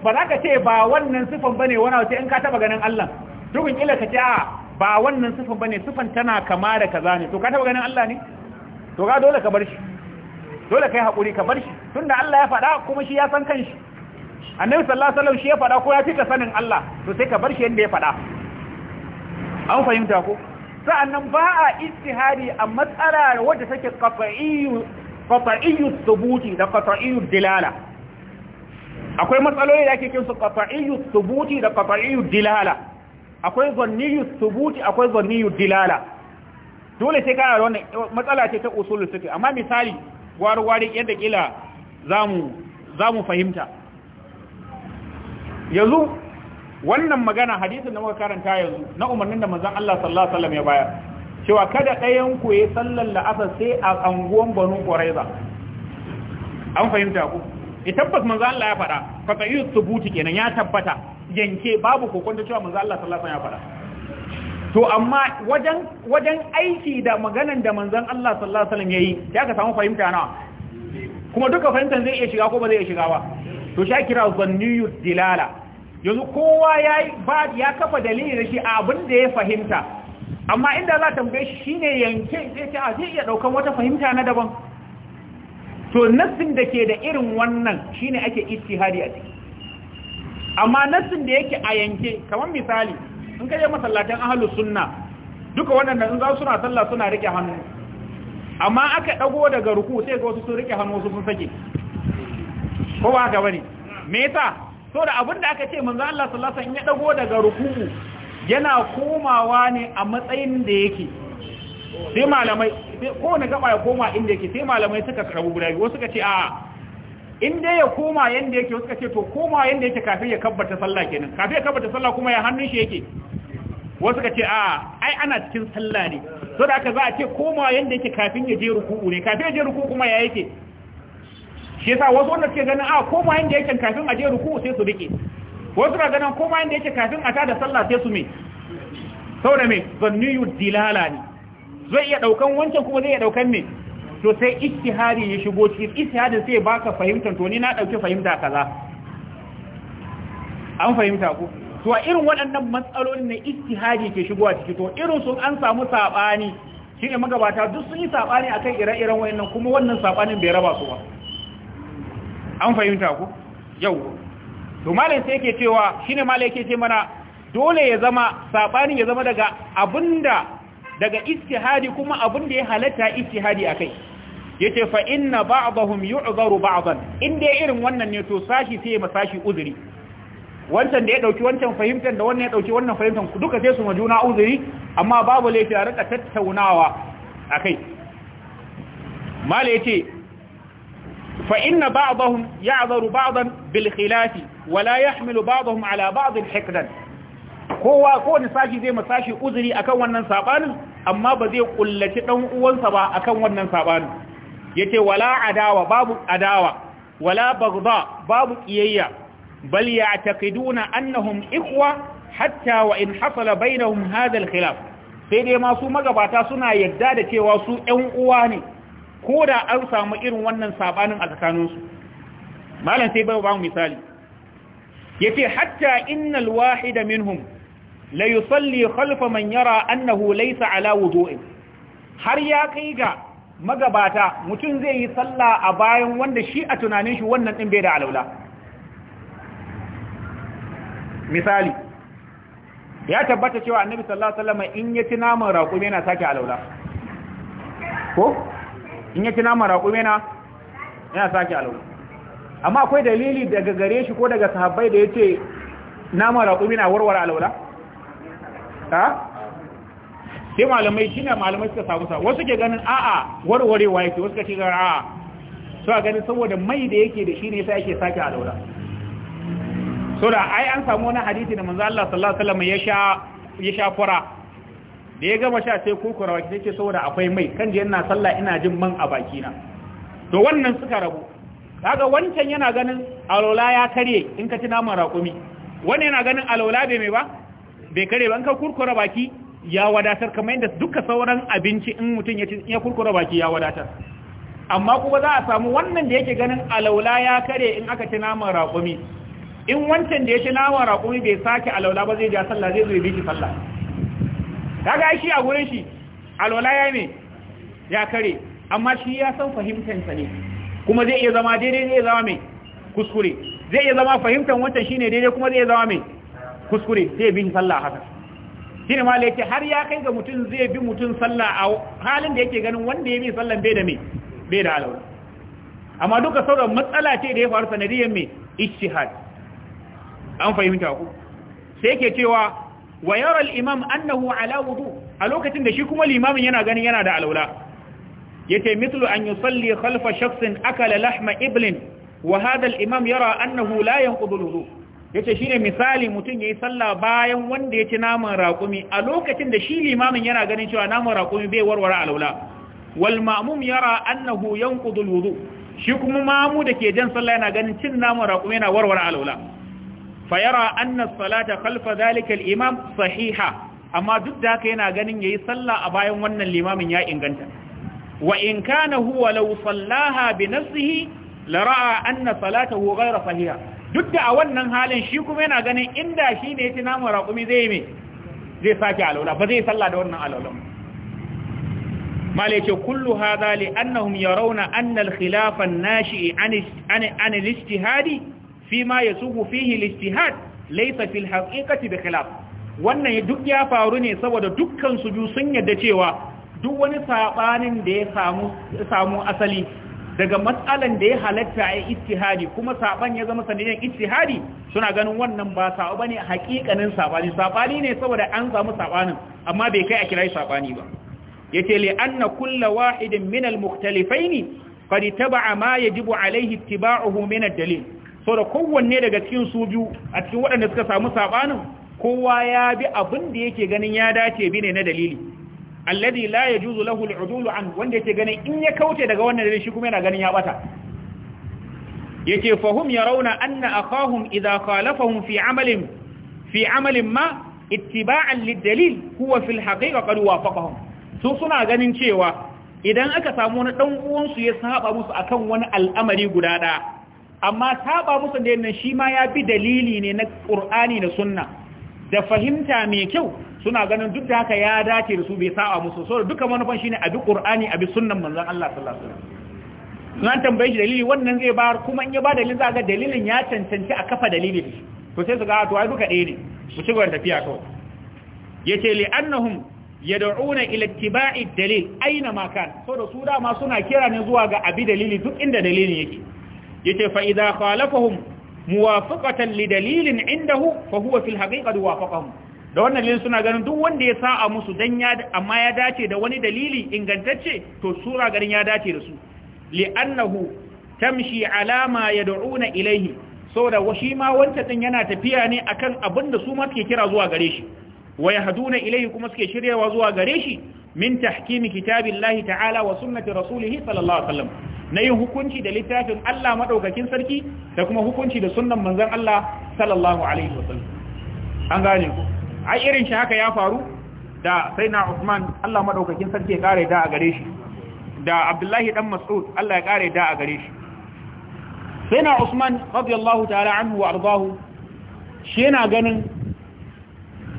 za ka ce ba wannan siffan bane wani wace in ka taba ganin Allah dukkan ila ka ce a ba wannan siffan bane siffan tana kama da kaza ne to ka taba ganin Allah ne to ga dole ka bar shi dole kai hakuri ka bar shi tun da Allah ya faɗa kuma shi ya san kanshi annabi sallallahu alaihi wasallam shi ya faɗa ko ya ka sanin Allah to sai ka bar shi yadda ya faɗa an fahimta ko sa'annan ba a istihari a matsala wadda take kafa'i. qata'iyyut thubuti da qat'iyyu dilala akwai matsaloli da ake kin su qata'iyyut thubuti da qat'iyyu dilala akwai zanniyyut thubuti akwai zanniyyu dilala dole sai ka da wannan matsala ce ta usulul fiqh amma misali warware yadda kila zamu zamu fahimta yanzu wannan magana hadisin da muka karanta yanzu na umarnin da manzon Allah sallallahu alaihi wasallam ya bayar cewa kada ɗayan ku ya sallar la'asar sai a anguwan banu ba an fahimta ku ya e, tabbas manzo Allah ya faɗa ka yi subuti kenan ya tabbata yanke babu kokon da cewa manzo Allah sallallahu alaihi wasallam ya faɗa to amma wajen wajen aiki da maganan da manzan Allah sallallahu alaihi wasallam yayi ya ka samu fahimta nawa kuma duka fahimtar zai iya shiga ko ba zai iya shiga ba to sha kira zanniyu dilala yanzu kowa ya ba ya kafa dalili da shi abin da ya fahimta amma inda za tambaye shi shine yanke sai ce a ah, zai iya daukan wata fahimta na daban to nassin da ke da irin wannan shine ake hari a ciki amma nassin da yake a yanke kamar misali in kaje masallatan ahlus sunna duka wannan in za su na sallah suna rike hannu amma aka dago daga ruku sai ga wasu sun rike hannu su sun sake ko ba ka bane me yasa so da abin da aka ce manzo Allah sallallahu alaihi wasallam ya dago daga ruku yana komawa ne a matsayin da yake sai malamai ko wani gaba ya koma inda yake sai malamai suka karabu guda biyu suka ce a inda ya koma yanda yake suka ce to koma yanda yake kafin ya kabbata sallah kenan kafin ya kabbata sallah kuma ya hannun shi yake wasu ka ce a ai ana cikin sallah ne so da aka za a ce koma yanda yake kafin ya je ruku'u ne kafin ya je ruku'u kuma ya yake shi yasa wasu wanda suke ganin a koma yanda yake kafin a je ruku'u sai su rike wasu ga ganin koma inda yake kafin a tada sallah sai su me saboda me yi dilala ne zai iya daukan wancan kuma zai iya daukan me to sai ijtihadi ya shigo cikin ijtihadin sai baka fahimtar to ni na dauki fahimta kaza an fahimta ku to a irin waɗannan matsalolin na ijtihadi ke shigo a ciki to irin sun an samu sabani shine magabata duk sun yi sabani akan ire-iren wayannan kuma wannan sabanin bai raba su ba an fahimta ku yau to malam sai yake cewa shine malai yake ce mana dole ya zama sabanin ya zama daga abinda daga ijtihadi kuma abinda ya halatta ijtihadi akai yace fa inna ba'dahum yu'dharu ba'dan inda irin wannan ne to sashi sai ma sashi uzuri wancan da ya dauki wancan fahimtar da wannan ya dauki wannan fahimtar duka sai su majuna uzuri amma babu laifi a rika tattaunawa akai mala yace فإن بعضهم يعذر بعضا بالخلاف ولا يحمل بعضهم على بعض حقدا kowa kowane sashi zai masashi uzuri akan wannan sabanin amma ba zai kullaci dan uwansa ba akan wannan sabanin yace wala adawa babu adawa wala bagda babu kiyayya bal ya'taqiduna annahum ikhwa hatta wa in hasala bainahum hadha al sai dai ma su magabata suna yadda da cewa su ƴan uwa ne ko da an samu irin wannan sabanin a tsakaninsu malam sai bai ba mu misali yace hatta innal wahida minhum la yusalli khalfa man yara annahu laysa ala wudu'in har ya kai ga magabata mutum zai yi sallah a bayan wanda shi a tunanin shi wannan din bai da alaula misali ya tabbata cewa annabi sallallahu alaihi wasallam in ya ci naman raƙumi yana sake alaula ko in ya ci maraƙo mena yana sake alwala amma akwai dalili daga gare shi ko daga sahabbai da ya ce maraƙo mena warware alwala ha sai malamai shine malamai suka samu sa wasu ke ganin a'a warwarewa yake wasu ke ganin a'a so a ganin saboda mai da yake da shi ne sai yake sake alwala so da ai an samu wani hadisi da manzo Allah sallallahu alaihi wasallam ya sha ya sha fara da ya gama sha sai kurkura baki sai ce saboda akwai mai kan je yana sallah ina jin man a baki na to wannan suka rabu kaga wancan yana ganin alola ya kare in ka ci naman raƙumi wani yana ganin alola bai mai ba bai kare ba in ka kurkura baki ya wadatar kamar yadda duka sauran abinci in mutum ya ci ya kurkura baki ya wadatar amma kuma za a samu wannan da yake ganin alola ya kare in aka ci naman raƙumi in wancan da ya ci naman raƙumi bai sake alola ba zai ja sallah zai zo ya bi sallah kaga shi a gurin shi alwala ya ne ya kare amma shi ya san fahimtansa ne kuma zai iya zama daidai zai zama mai kuskure zai iya zama fahimtar wancan shine daidai kuma zai iya zama mai kuskure sai bi sallah haka shine ma yake har ya kai ga mutum zai bi mutum sallah a halin da yake ganin wanda ya bi sallan bai da mai bai da alawar amma duka sauran matsala ce da ya faru sanadiyar mai ijtihad an fahimta ku sai yake cewa wa yara imam annahu ala wudu a lokacin da shi kuma limamin yana ganin yana da alaula yace mislu an yusalli khalfa shakhsin akala lahma iblin wa imam yara annahu la yanqudu yace shine misali ya yayi sallah bayan wanda ya ci naman raƙumi a lokacin da shi limamin yana ganin cewa naman raƙumi bai warware alaula wal ma'mum yara annahu yan al-wudu shi kuma mamu da ke jan sallah yana ganin cin naman raqumi yana warware alaula fayara anna salata khalfa zalika al-imam sahiha amma duk da haka yana ganin yayi sallah a bayan wannan limamin ya inganta wa in kana huwa law sallaha bi nafsihi la ra'a anna salatahu ghayra sahiha duk da a wannan halin shi kuma yana ganin inda shi ne yace namu raqumi zai me zai saki alawla ba zai sallah da wannan alawla mala kullu hadha li annahum yarawna anna al-khilafa an-nashi'i an an al-ijtihadi fima yasuhu fihi al-ijtihad laysa fil haqiqati bi khilaf wannan duk ya faru ne saboda dukkan su biyu sun yadda cewa duk wani sabanin da ya samu samu asali daga matsalan da ya halatta a ittihadi kuma saban ya zama sanadin ittihadi suna ganin wannan ba sabo bane hakikanin sabani sabani ne saboda an samu sabanin amma bai kai a kirai sabani ba yace li anna kullu wahidin min al-mukhtalifaini qad taba'a ma yajibu alayhi ittiba'uhu min ad-dalil sau da kowanne daga cikin su biyu a cikin waɗanda suka samu saɓanin kowa ya bi abin da yake ganin ya dace bi ne na dalili alladi la yajuzu lahu al-udul an wanda yake ganin in ya kauce daga wannan dalili shi kuma yana ganin ya bata yace fahum rauna anna akhahum idha khalafahum fi amalin fi amalin ma ittiba'an lidalil dalil huwa fil haqiqa qad wafaqahum su suna ganin cewa idan aka samu wani dan uwansu ya saba musu akan wani al'amari guda ɗaya amma saba musu da shima shi ma ya bi dalili ne na ƙur'ani da sunna da fahimta mai kyau suna ganin duk da haka ya dace da su bai saba musu so da duka manufan shine abi qur'ani abi sunnan manzon Allah sallallahu alaihi wasallam nan tambaye shi dalili wannan zai ba kuma in ya ba dalilin za ga dalilin ya cancanci a kafa dalili ne to sai su ga to ai duka ɗaya ne su ci gaba tafiya kawai yace li annahum yad'una ila ittiba'i dalil aina ma kan so da su dama suna kira ne zuwa ga abi dalili duk inda dalilin yake yace fa idza khalafahum muwafaqatan li dalilin indahu fa huwa fil haqiqati wafaqahum da wannan lin suna ganin duk wanda ya sa'a musu dan ya amma ya dace da wani dalili ingantacce to sura garin ya dace da su li'annahu tamshi ala ma yad'una ilayhi saboda shi ma wancan din yana tafiya ne akan abin da su ma suke kira zuwa gare shi wa Haduna ilayhi kuma suke shiryawa zuwa gare shi min tahkimi kitabillahi ta'ala wa sunnati rasulihi sallallahu alaihi wasallam nayin hukunci da littafin Allah madaukakin sarki da kuma hukunci da sunan manzon Allah sallallahu alaihi wasallam an gane ku ai irin shi haka ya faru da sayyidina Uthman Allah madaukakin sarki ya kare da a gare da Abdullahi dan Mas'ud Allah ya kare da a gare ta'ala anhu wa ardahu shi yana ganin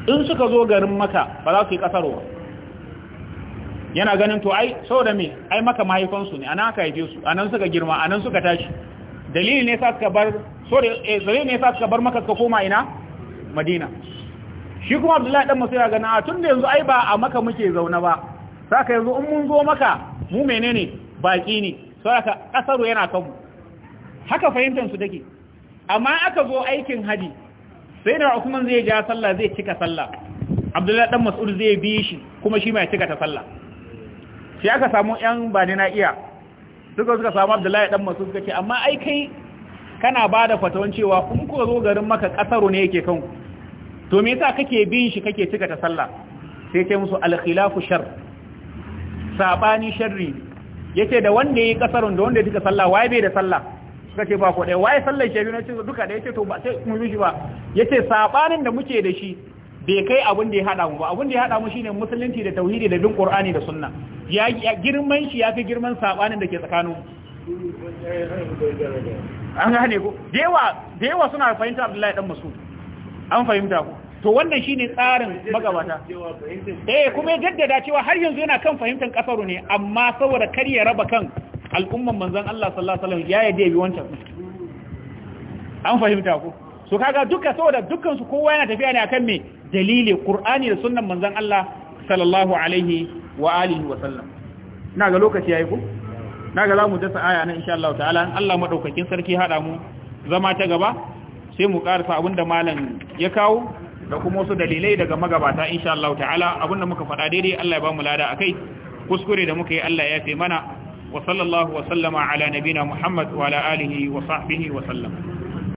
in suka zo garin maka ba za su yi kasarwa yana ganin to ai saboda me ai maka mahaifansu ne nan aka haife su anan suka girma anan suka tashi dalili ne sa suka bar eh ne sa suka bar maka suka koma ina madina shi kuma abdullahi dan masu ya gana ah, tun da yanzu ai ba a maka muke zaune ba saka yanzu in mun zo maka mu menene baki ne saboda kasaro yana kanmu haka fahimtar su take amma aka zo aikin hadi sai da Usman zai ja sallah zai cika sallah Abdullahi dan Mas'ud zai bi shi kuma shi mai cika ta sallah sai aka samu yan ba na iya suka suka samu Abdullahi dan Mas'ud suka amma ai kai kana bada fatawan cewa kun ko zo garin maka kasaro ne yake kanku to me yasa kake bin shi kake cika ta sallah sai ce musu al-khilafu shar sabani sharri yace da wanda yi kasarun da wanda ya cika sallah waye bai da sallah suka ce ba ko ɗaya waye sallar shi na cin duka da yace to ba sai mu rushi ba yace sabanin da muke da shi bai kai abin da ya hada mu ba abin da ya hada mu shine musulunci da tauhidi da bin qur'ani da sunna ya girman shi yafi girman sabanin da ke tsakanin an gane ko dewa dewa suna fahimta Abdullahi dan Masud an fahimta ko to wannan shine tsarin magabata eh kuma ya jaddada cewa har yanzu yana kan fahimtar kasaru ne amma saboda kar ya raba kan al'umman manzan Allah sallallahu alaihi wasallam ya yade bi wancan an fahimta ko so kaga duka saboda dukkan kowa yana tafiya ne akan me dalili qur'ani da sunnan manzan Allah sallallahu alaihi wa alihi wa sallam ina ga lokaci yayi ko ina ga zamu dasa aya nan insha Allah ta'ala Allah madaukakin sarki hada mu zama ta gaba sai mu karasa abinda malam ya kawo da kuma wasu dalilai daga magabata insha Allah ta'ala abinda muka faɗa daidai Allah ya ba mu lada akai kuskure da muka yi Allah ya fi mana wa sallallahu wa sallama ala nabina Muhammad wa ala alihi wa wa